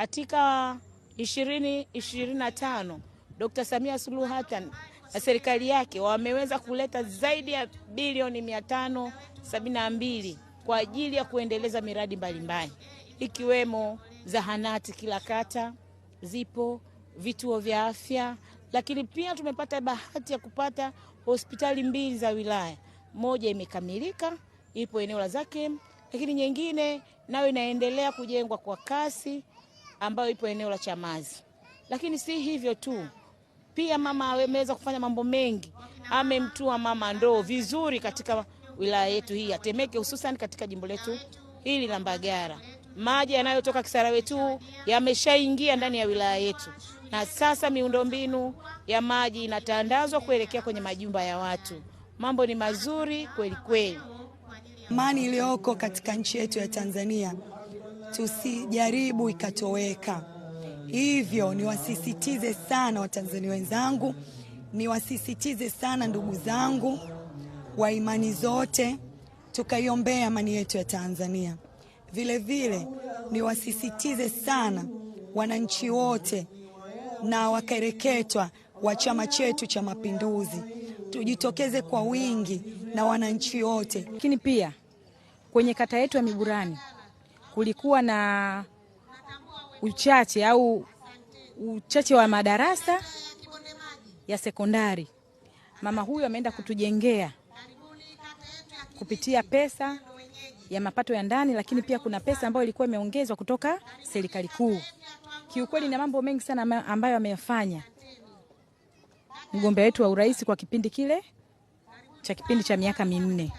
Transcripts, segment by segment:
Katika 2025 Dr. Samia Suluhu Hassan na serikali yake wameweza kuleta zaidi ya bilioni 572 kwa ajili ya kuendeleza miradi mbalimbali ikiwemo zahanati kila kata zipo, vituo vya afya, lakini pia tumepata bahati ya kupata hospitali mbili za wilaya. Moja imekamilika ipo eneo la Zakem, lakini nyingine nayo inaendelea kujengwa kwa kasi ambayo ipo eneo la Chamazi. Lakini si hivyo tu, pia mama ameweza kufanya mambo mengi, amemtua mama ndoo vizuri katika wilaya yetu hii ya Temeke, hususan katika jimbo letu hili la Mbagara. Maji yanayotoka Kisarawe tu yameshaingia ndani ya wilaya yetu, na sasa miundombinu ya maji inatandazwa kuelekea kwenye majumba ya watu. Mambo ni mazuri kweli kweli. Amani iliyoko katika nchi yetu ya Tanzania tusijaribu ikatoweka. Hivyo niwasisitize sana Watanzania wenzangu, niwasisitize sana ndugu zangu wa imani zote, tukaiombea amani yetu ya Tanzania. Vilevile niwasisitize sana wananchi wote na wakereketwa wa chama chetu cha Mapinduzi, tujitokeze kwa wingi na wananchi wote, lakini pia kwenye kata yetu ya Miburani kulikuwa na uchache au uchache wa madarasa ya sekondari. Mama huyu ameenda kutujengea kupitia pesa ya mapato ya ndani, lakini pia kuna pesa ambayo ilikuwa imeongezwa kutoka serikali kuu. Kiukweli na mambo mengi sana ambayo ameyafanya mgombea wetu wa urais kwa kipindi kile cha kipindi cha miaka minne.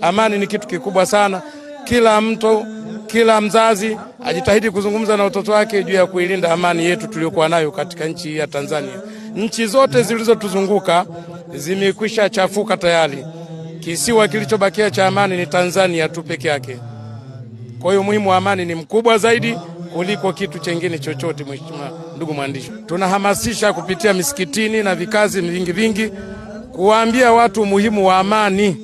Amani ni kitu kikubwa sana, kila mtu kila mzazi ajitahidi kuzungumza na watoto wake juu ya kuilinda amani yetu tuliyokuwa nayo katika nchi ya Tanzania. Nchi zote zilizotuzunguka zimekwisha chafuka tayari. Kisiwa kilichobakia cha amani ni Tanzania tu peke yake. Kwa hiyo umuhimu wa amani ni mkubwa zaidi kuliko kitu chengine chochote. Mheshimiwa ndugu mwandishi, tunahamasisha kupitia misikitini na vikazi vingi vingi kuwaambia watu umuhimu wa amani.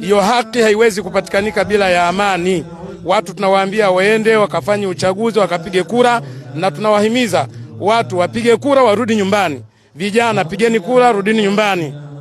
Hiyo haki haiwezi kupatikanika bila ya amani watu tunawaambia waende wakafanye uchaguzi wakapige kura, na tunawahimiza watu wapige kura warudi nyumbani. Vijana pigeni kura, rudini nyumbani.